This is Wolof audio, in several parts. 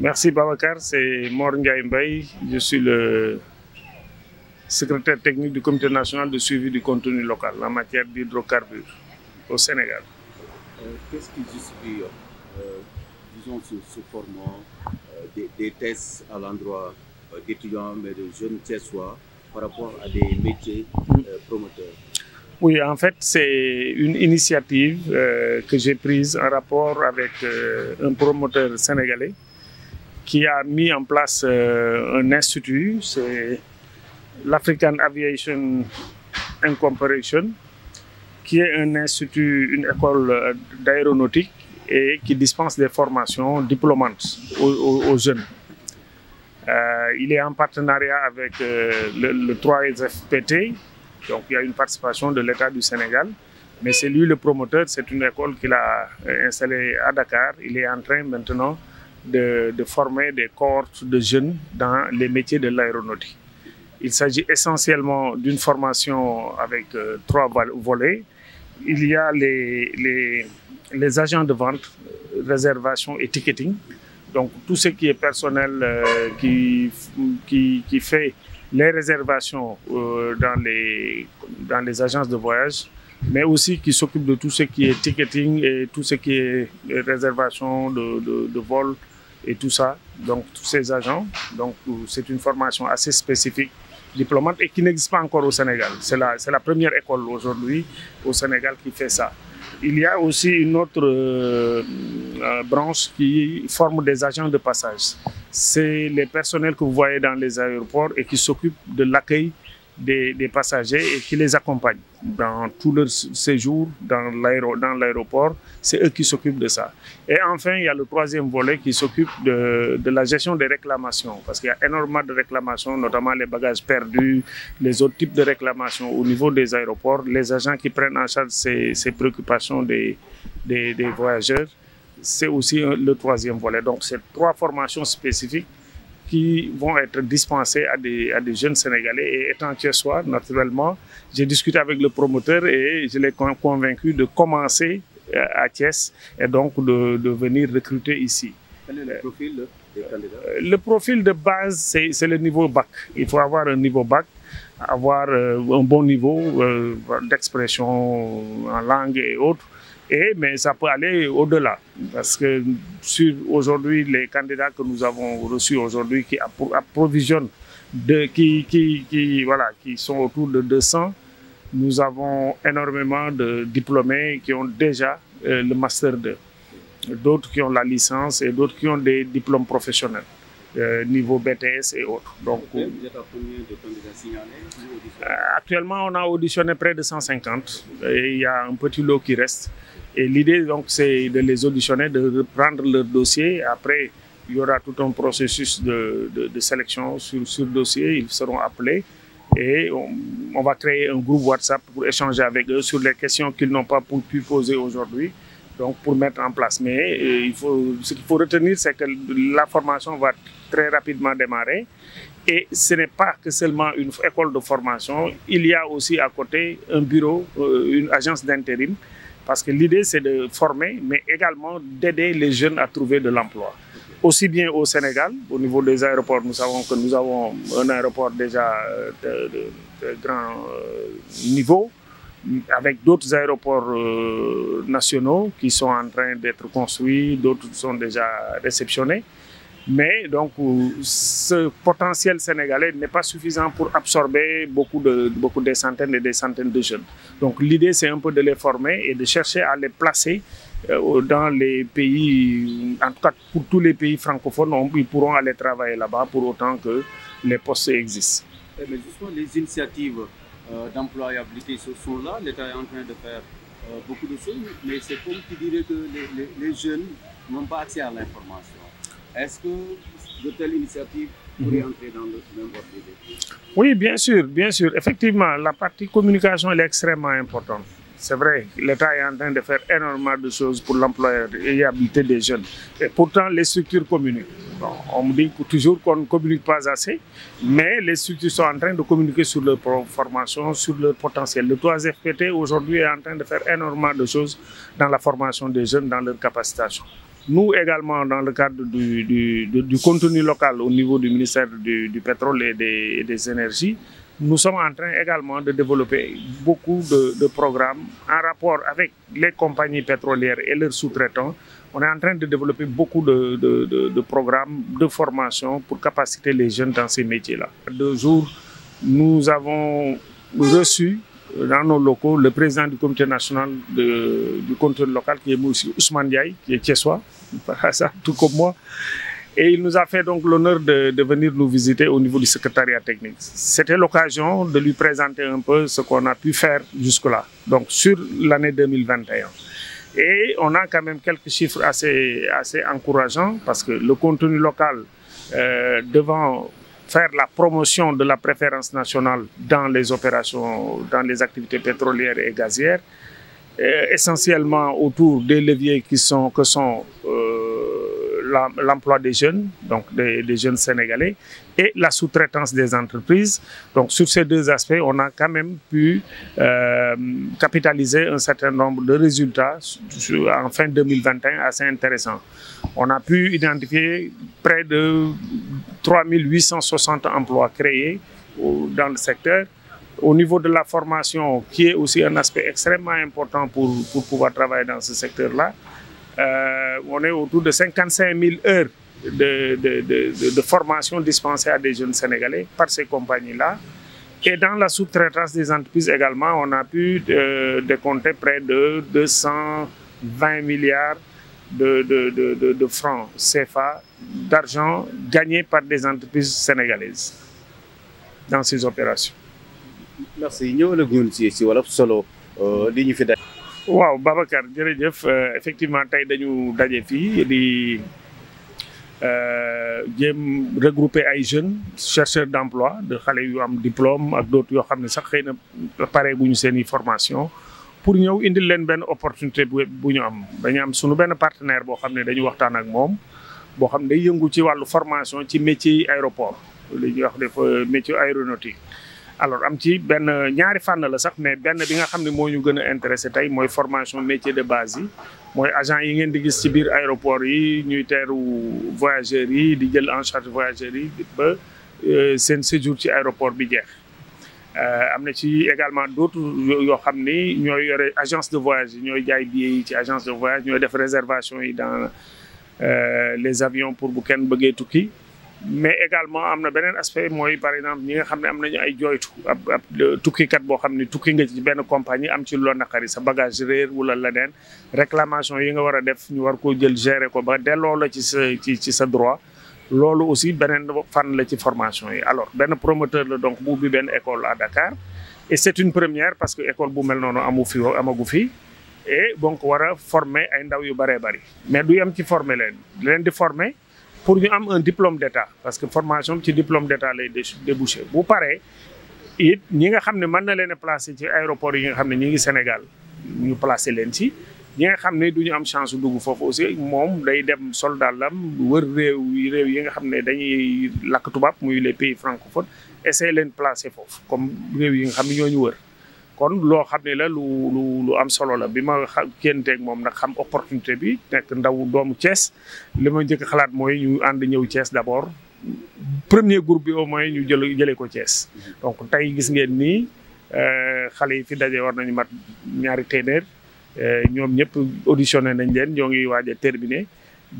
Merci Babacar, c'est Mor Mbaye. Je suis le secrétaire technique du Comité national de suivi du contenu local en matière d'hydrocarbures au Sénégal. Euh, Qu'est-ce qui justifie, euh, disons, ce, ce euh, des, tests euh, d'étudiants, par rapport à des métiers mm. euh, promoteurs en fait, c'est initiative que j'ai prise rapport avec un promoteur sénégalais qui a mis en place euh, un institut, c'est l'African Aviation Incorporation, qui est un institut, une école euh, d'aéronautique et qui dispense des formations diplômantes aux, aux, aux jeunes. Euh, il est en partenariat avec euh, le, le, 3SFPT, donc il y a une participation de l'État du Sénégal, mais c'est lui le promoteur, c'est une école qu'il a euh, installée à Dakar. Il est en train maintenant de, de former des cohortes de jeunes dans les métiers de l'aéronautique. Il s'agit essentiellement d'une formation avec euh, trois volets. Il y a les, les, les, agents de vente, réservation et ticketing. Donc tout ce qui est personnel euh, qui, qui, qui, fait les réservations euh, dans, les, dans les agences de voyage, mais aussi qui s'occupe de tout ce qui est ticketing et tout ce qui est réservation de, de, de vol et tout ça, donc tous ces agents. Donc c'est une formation assez spécifique, diplômante, et qui n'existe pas encore au Sénégal. C'est la, la première école aujourd'hui au Sénégal qui fait ça. Il y a aussi une autre euh, euh, branche qui forme des agents de passage. C'est les personnels que vous voyez dans les aéroports et qui s'occupent de l'accueil des, des, passagers et qui les accompagnent dans tout leur séjour dans l'aéroport. C'est eux qui s'occupent de ça. Et enfin, il y a le troisième volet qui s'occupe de, de, la gestion des réclamations, parce qu'il y a énormément de réclamations, notamment les bagages perdus, les autres types de réclamations au niveau des aéroports. Les agents qui prennent en charge ces, ces préoccupations des, des, des voyageurs, c'est aussi le troisième volet. Donc, c'est trois formations spécifiques qui vont être dispensés à des, à jeunes Sénégalais. Et étant soir, naturellement, j'ai discuté avec le promoteur et je l'ai convaincu de commencer euh, à Thiès et donc de, de venir recruter ici. le euh, profil des candidats euh, Le profil de base, c'est le niveau bac. Il faut avoir un niveau bac avoir un bon niveau d'expression en langue et autres Et, mais ça peut aller au-delà. Parce que sur aujourd'hui, les candidats que nous avons reçus aujourd'hui qui approvisionnent, de, qui, qui, qui, voilà, qui sont autour de 200, nous avons énormément de diplômés qui ont déjà euh, le Master 2, d'autres qui ont la licence et d'autres qui ont des diplômes professionnels. Euh, niveau BTS et autres. Donc, Vous êtes à combien de candidats signalés euh, Actuellement, on a auditionné près de 150 et il y a un petit lot qui reste. Et l'idée, donc, c'est de les auditionner, de reprendre leur dossier. Après, il y aura tout un processus de, de, de sélection sur, sur dossier. Ils seront appelés et on, on, va créer un groupe WhatsApp pour échanger avec eux sur les questions qu'ils n'ont pas pu poser aujourd'hui, donc pour mettre en place. Mais euh, il faut, ce qu'il faut retenir, c'est que la formation va très rapidement démarrer. Et ce n'est pas que seulement une école de formation, il y a aussi à côté un bureau, euh, une agence d'intérim Parce que l'idée, c'est de former, mais également d'aider les jeunes à trouver de l'emploi. Aussi bien au Sénégal, au niveau des aéroports, nous savons que nous avons un aéroport déjà euh, de, de, de grand euh, niveau, avec d'autres aéroports euh, nationaux qui sont en train d'être construits, d'autres sont déjà réceptionnés. Mais donc, ce potentiel sénégalais n'est pas suffisant pour absorber beaucoup de, beaucoup des centaines et des centaines de jeunes. Donc, l'idée, c'est un peu de les former et de chercher à les placer euh, dans les pays, en tout cas pour tous les pays francophones, ils pourront aller travailler là-bas pour autant que les postes existent. Eh, mais justement, les initiatives euh, d'employabilité sont là, l'État est en train de faire euh, beaucoup de choses, les, jeunes n'ont pas accès à l'information. Est-ce que de telles initiatives pourraient mhm. entrer dans le même ordre d'idée Oui, bien sûr, bien sûr. Effectivement, la partie communication elle est extrêmement importante. C'est vrai, l'État est en train de faire énormément de choses pour l'employabilité des jeunes. Et pourtant, les structures communiquent. Bon, on me dit toujours qu'on ne communique pas assez, mais les structures sont en train de communiquer sur leur formation, sur leur potentiel. Le 3FPT aujourd'hui est en train de faire énormément de choses dans la formation des jeunes, dans leur capacitation. Nous également, dans le cadre du, du, contenu local au niveau du ministère du, pétrole et des, des, énergies, nous sommes en train également de développer beaucoup de, de programmes en rapport avec les compagnies pétrolières et leurs sous-traitants. On est en train de développer de, de, de programmes de formation pour capaciter les jeunes dans ces métiers-là. De jour, nous avons reçu dans nos locaux le président du comité national du contrôle local, qui est aussi Ousmane qui est Thiessois, tout comme moi. Et il nous a fait donc l'honneur de, de, venir nous visiter au niveau du secrétariat technique. C'était l'occasion de lui présenter un peu ce qu'on a pu faire jusque-là, donc sur l'année parce que le contenu local, euh, devant faire la promotion de la préférence nationale dans les opérations, dans les activités pétrolières et gazières, euh, essentiellement autour des leviers qui sont, que sont euh, l'emploi des jeunes, donc des, des, jeunes sénégalais, et la sous-traitance des entreprises. Donc sur ces deux aspects, on a quand même pu euh, capitaliser un certain nombre de résultats en fin 2021 assez intéressants. On a pu identifier près de 3 860 emplois créés dans le secteur. Au niveau de la formation, qui est aussi un important pour, pour pouvoir travailler dans ce secteur-là, euh, on est autour de 55 000 heures de, de, de, de, formation dispensée à des jeunes Sénégalais par ces compagnies-là. Et la sous-traitance des entreprises également, on a pu euh, décompter près de 220 milliards de, de, de, de, de francs CFA d'argent gagné par des entreprises sénégalaises dans ces opérations. merci ñëwal ak si ci ci wala solo euh, li ñu fi daje. waaw Babacar jërëjëf euh, effectivement tey dañu daje fii di euh, jéem regrouper ay jeunes chercheurs d'emploi de xale yu am diplôme ak d'autres yoo xam ne sax xëy na pareeguñu seen i formation. pour ñëw indil leen benn opportunité bu ñu am dañu am suñu benn partenaire boo xam ne dañu waxtaan ak moom boo xam ne day yëngu ci wàllu formation ci métier yi aéroport li ñuy wax dafa métier aéronautique alors am ci benn ñaari fànn la sax mais benn bi nga xam ne moo ñu gën a intéressé tey mooy formation métier de base yi mooy agent yi ngeen di gis ci biir aéroport yi ñuy teeru voyageurs yi di jël en charge voyageurs yi ba euh, seen séjour ci aéroport bi jeex Euh, am na ci également d'autres yoo xam ni ñooy yore agence de voyage yi ñooy jaay billets ci agence de voyage def réservation yi dans euh, les avions pour bu kenn bëggee tukki mais également am na beneen aspect mooy par exemple ñi nga xam ne am nañu ay jooytu ab tukkikat boo xam ne tukki nga ci benn compagnie am ci loo naqari sa bagage wula la leneen réclamation yi nga war a def ñu war koo jël gérer ko ba delloo la ci sa ci ci sa droit loolu aussi beneen fànn la ci formation yi alors benn promoteur la donc bu ubbi benn école à Dakar et c'est une première parce que école bu mel noonu amu fi amagu fi et donc war a former ay ndaw yu bëree bari mais du yem ci former leen leen di former pour ñu am un diplôme d'état parce que formation ci diplôme d'état lay débouché bu pare it ñi nga xam ne mën na leen a placer ci aéroport yi nga xam ne ñi ngi Sénégal ñu placer leen ci ñi nga xam ne du ñu am chance dugg foofu aussi moom day dem soldaalam wër réew yi réew yi nga xam ne dañuy lakk tubaab muy les pays francophones essayer leen placer foofu comme réew yi nga xam ne ñoo ñu wër. kon loo xam ne la lu lu lu am solo la bi ma xa génteeg moom ndax xam opportunité bi nekk ndaw doomu cees li ma njëkk xalaat mooy ñu ànd ñëw Thiès d'abord premier groupe bi au moins ñu jël jëlee ko cees mm-hmm. donc tey gis ngeen ni euh, xale yi fi dajee war nañu mat ñaari téeméer. Euh, ñoom ñëpp auditionné nañ leen ñoo ngi waaj a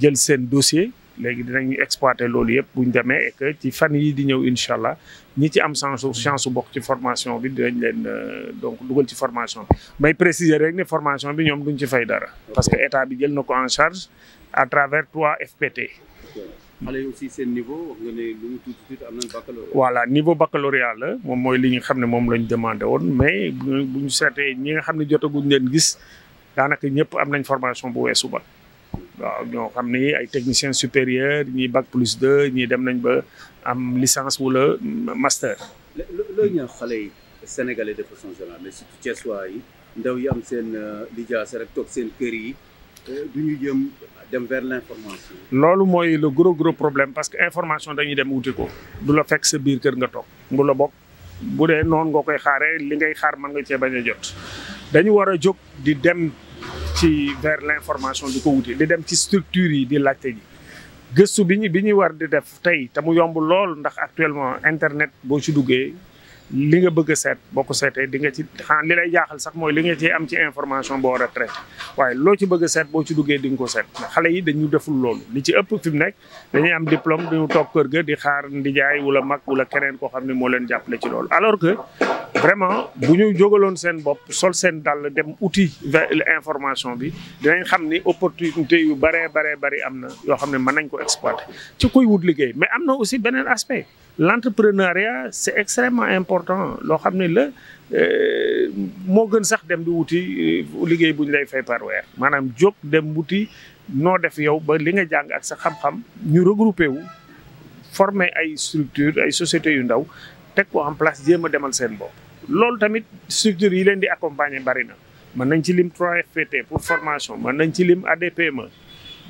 jël seen dossier léegi dinañu exploité loolu yëpp bu ñu demee et ci fan yi di ñëw incha allah ñi ci am chance u bokk ci formation bi dinañ leen euh, donc dugal ci formation bi. may préciser rek ne formation bi ñoom duñ ci fay dara. parce que état bi jël na ko en charge. à travers trois FPT. xale seen niveau wax nga ne la moom mooy li ñu xam ne moom lañ demande woon mais bu ñu seetee ñi nga xam ne jotaguñ leen gis daanaka ñëpp am nañ formation bu weesu ba. waaw ñoo xam ni ay techniciens supérieurs ñii bac plus deux ñii dem nañ ba am licence wala master. looy ñaax xale yi sénégalais de façon générale mais surtout Thiessois yi ndaw yi am seen euh, lijaasa rek toog seen kër yi. du ñu dem vers loolu mooy le gros gros problème parce que information dañuy dem wuti ko du la fekk sa biir kër nga toog du la bokk bu dee noonu nga koy xaaree li ngay xaar man nga cee bañ jot dañu war a jóg di dem ci vers l'information di ko wuti di dem ci structure yi di laajte ji gëstu bi ñu bi ñuy war di def tey te mu yomb lool ndax actuellement internet boo ci duggee. li nga bëgg seet boo ko seetee di nga ci xanaa li lay jaaxal sax mooy li nga ci am ci information boo war a traité waaye loo ci bëgg seet boo ci duggee di nga ko seet xale yi dañu deful loolu li ci ëpp fi mu nekk dañuy am diplôme dañu toog kër ga di xaar ndijaay wala mag wala keneen koo xam ne moo leen jàppale ci loolu alors que vraiment bu ñu jógaloon seen bopp sol seen dàll dem uti information bi dinañ xam ni opportunité yu baree baree bari am na yoo xam ne mën nañ ko exploiter ci koy wut liggéey mais am na aussi beneen aspect ya c'est extrêmement important loo xam ne la euh, moo gën sax dem di wuti euh, liggéey bu ñu lay fay par weer maanaam jóg dem wuti noo def yow ba li nga jàng ak sa xam-xam ñu regroupé wu former ay structure ay sociétés yu ndaw teg ko en place jéem a demal seen bopp loolu tamit structure yi leen di accompagner bari na mën nañ ci lim 3FPT pour formation mën nañ ci lim ADPME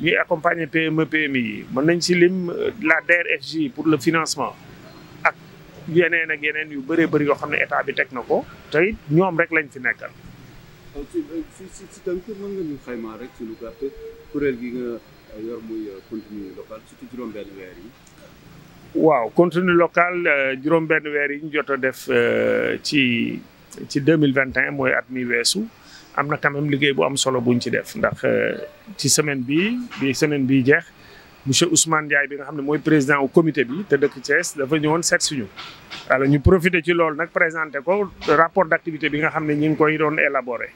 ñuy accompagner PME PMI yi mën nañ ci lim euh, la DRFJ pour le financement ak yeneen ak yeneen yu bëree bëri yoo xam ne état bi teg na ko te it ñoom rek lañ fi nekkal. Euh, euh, mën nga ñu rek ci lu kuréel gi nga yor muy contenu local yi. waaw contenu local euh, juróom benn weer yi ñu jot a def euh, ci ci deux mille vingt et mooy at mi weesu am na quand liggéey bu am solo buñ ci def ndax euh, ci semaine bi bi semaine bi jeex monsieur Ousmane Ndiaye bi nga xam ne mooy président au comité bi te dëkk Thiès dafa ñëwoon seet suñu alors ñu profité ci loolu nag présenté ko rapport d'activité bi nga xam ne ñi ngi koy doon élaborer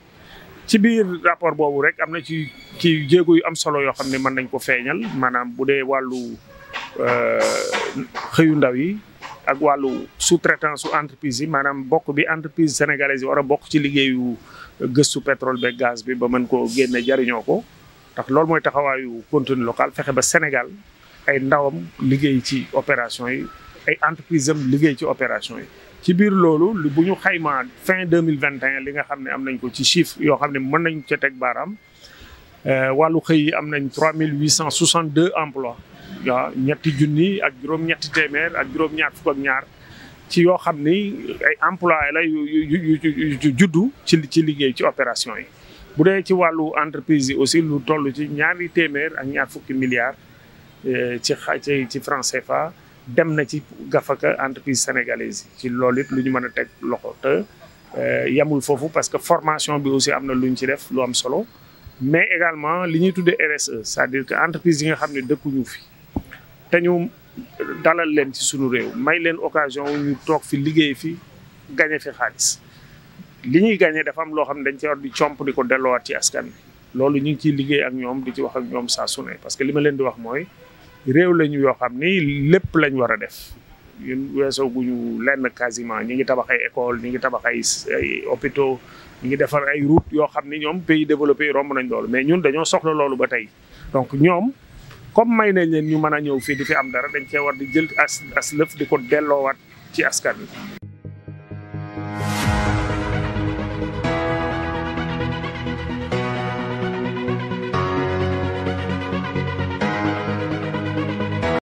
ci biir rapport boobu rek am na ci ci jéego yu am solo yoo xam ne mën nañ ko feeñal maanaam bu dee wàllu Euh, xëyu ndaw yi ak wàllu sous-traitance su entreprise yi maanaam bokk bi entreprise sénégalaise yi war a bokk ci liggéeyu gëstu pétrole beeg gaz bi ba mën koo génne jariñoo ko ndax loolu mooy taxawaayu contenu local fexe ba Sénégal ay ndawam liggéey ci opération yi ay entreprise am liggéey ci opération yi ci biir loolu lu bu ñu xaymaa fin deux mille vingt et li nga xam ne am nañ ko ci chiffre yoo xam ne mën nañ ca teg baaraam euh, wàllu xëy yi am nañ trois mille huit cent soixante deux emplois waaw ñetti junni ak juróom-ñetti téeméer ak juróom-ñaar fukk ak ñaar ci yoo xam ni ay employé la yu juddu ci ci liggéey ci opération yi. bu dee ci wàllu entreprise yi aussi lu toll ci ñaari téeméer ak ñaar fukki milliards eh, ci xa ci franc CFA dem na ci gafaka entreprise sénégalaise yi ci loolu it lu ñu mën a teg loxo te eh, yamul foofu parce que formation bi aussi am na lu ñu ci def lu am solo mais également li ñuy tuddee RSE c'est-à-dire que entreprise yi nga xam ne dëkkuñu fi. te ñu dalal leen ci suñu réew may leen occasion ñu toog fi liggéey fi gañe fi xaalis li ñuy gañe dafa loo xam ne dañ ci war di comp di ko delluwaat ci askan loolu ñu ngi ciy liggéey ak ñoom di ci wax ak ñoom saa su parce que li ma leen di wax mooy réew la ñu yoo xam ni lépp lañ war a def ñun weesoo guñu lenn quasiment ñi ngi tabax ay école ñi ngi tabax ay ay hôpitaux ñi ngi defar ay route yoo xam ni ñoom pays développé romb nañ loolu mais ñun dañoo soxla loolu ba tey comme may nañ leen ñu mën a ñëw fii di fi am dara dañ cee war di jël as as lëf di ko delloowaat ci askan wi.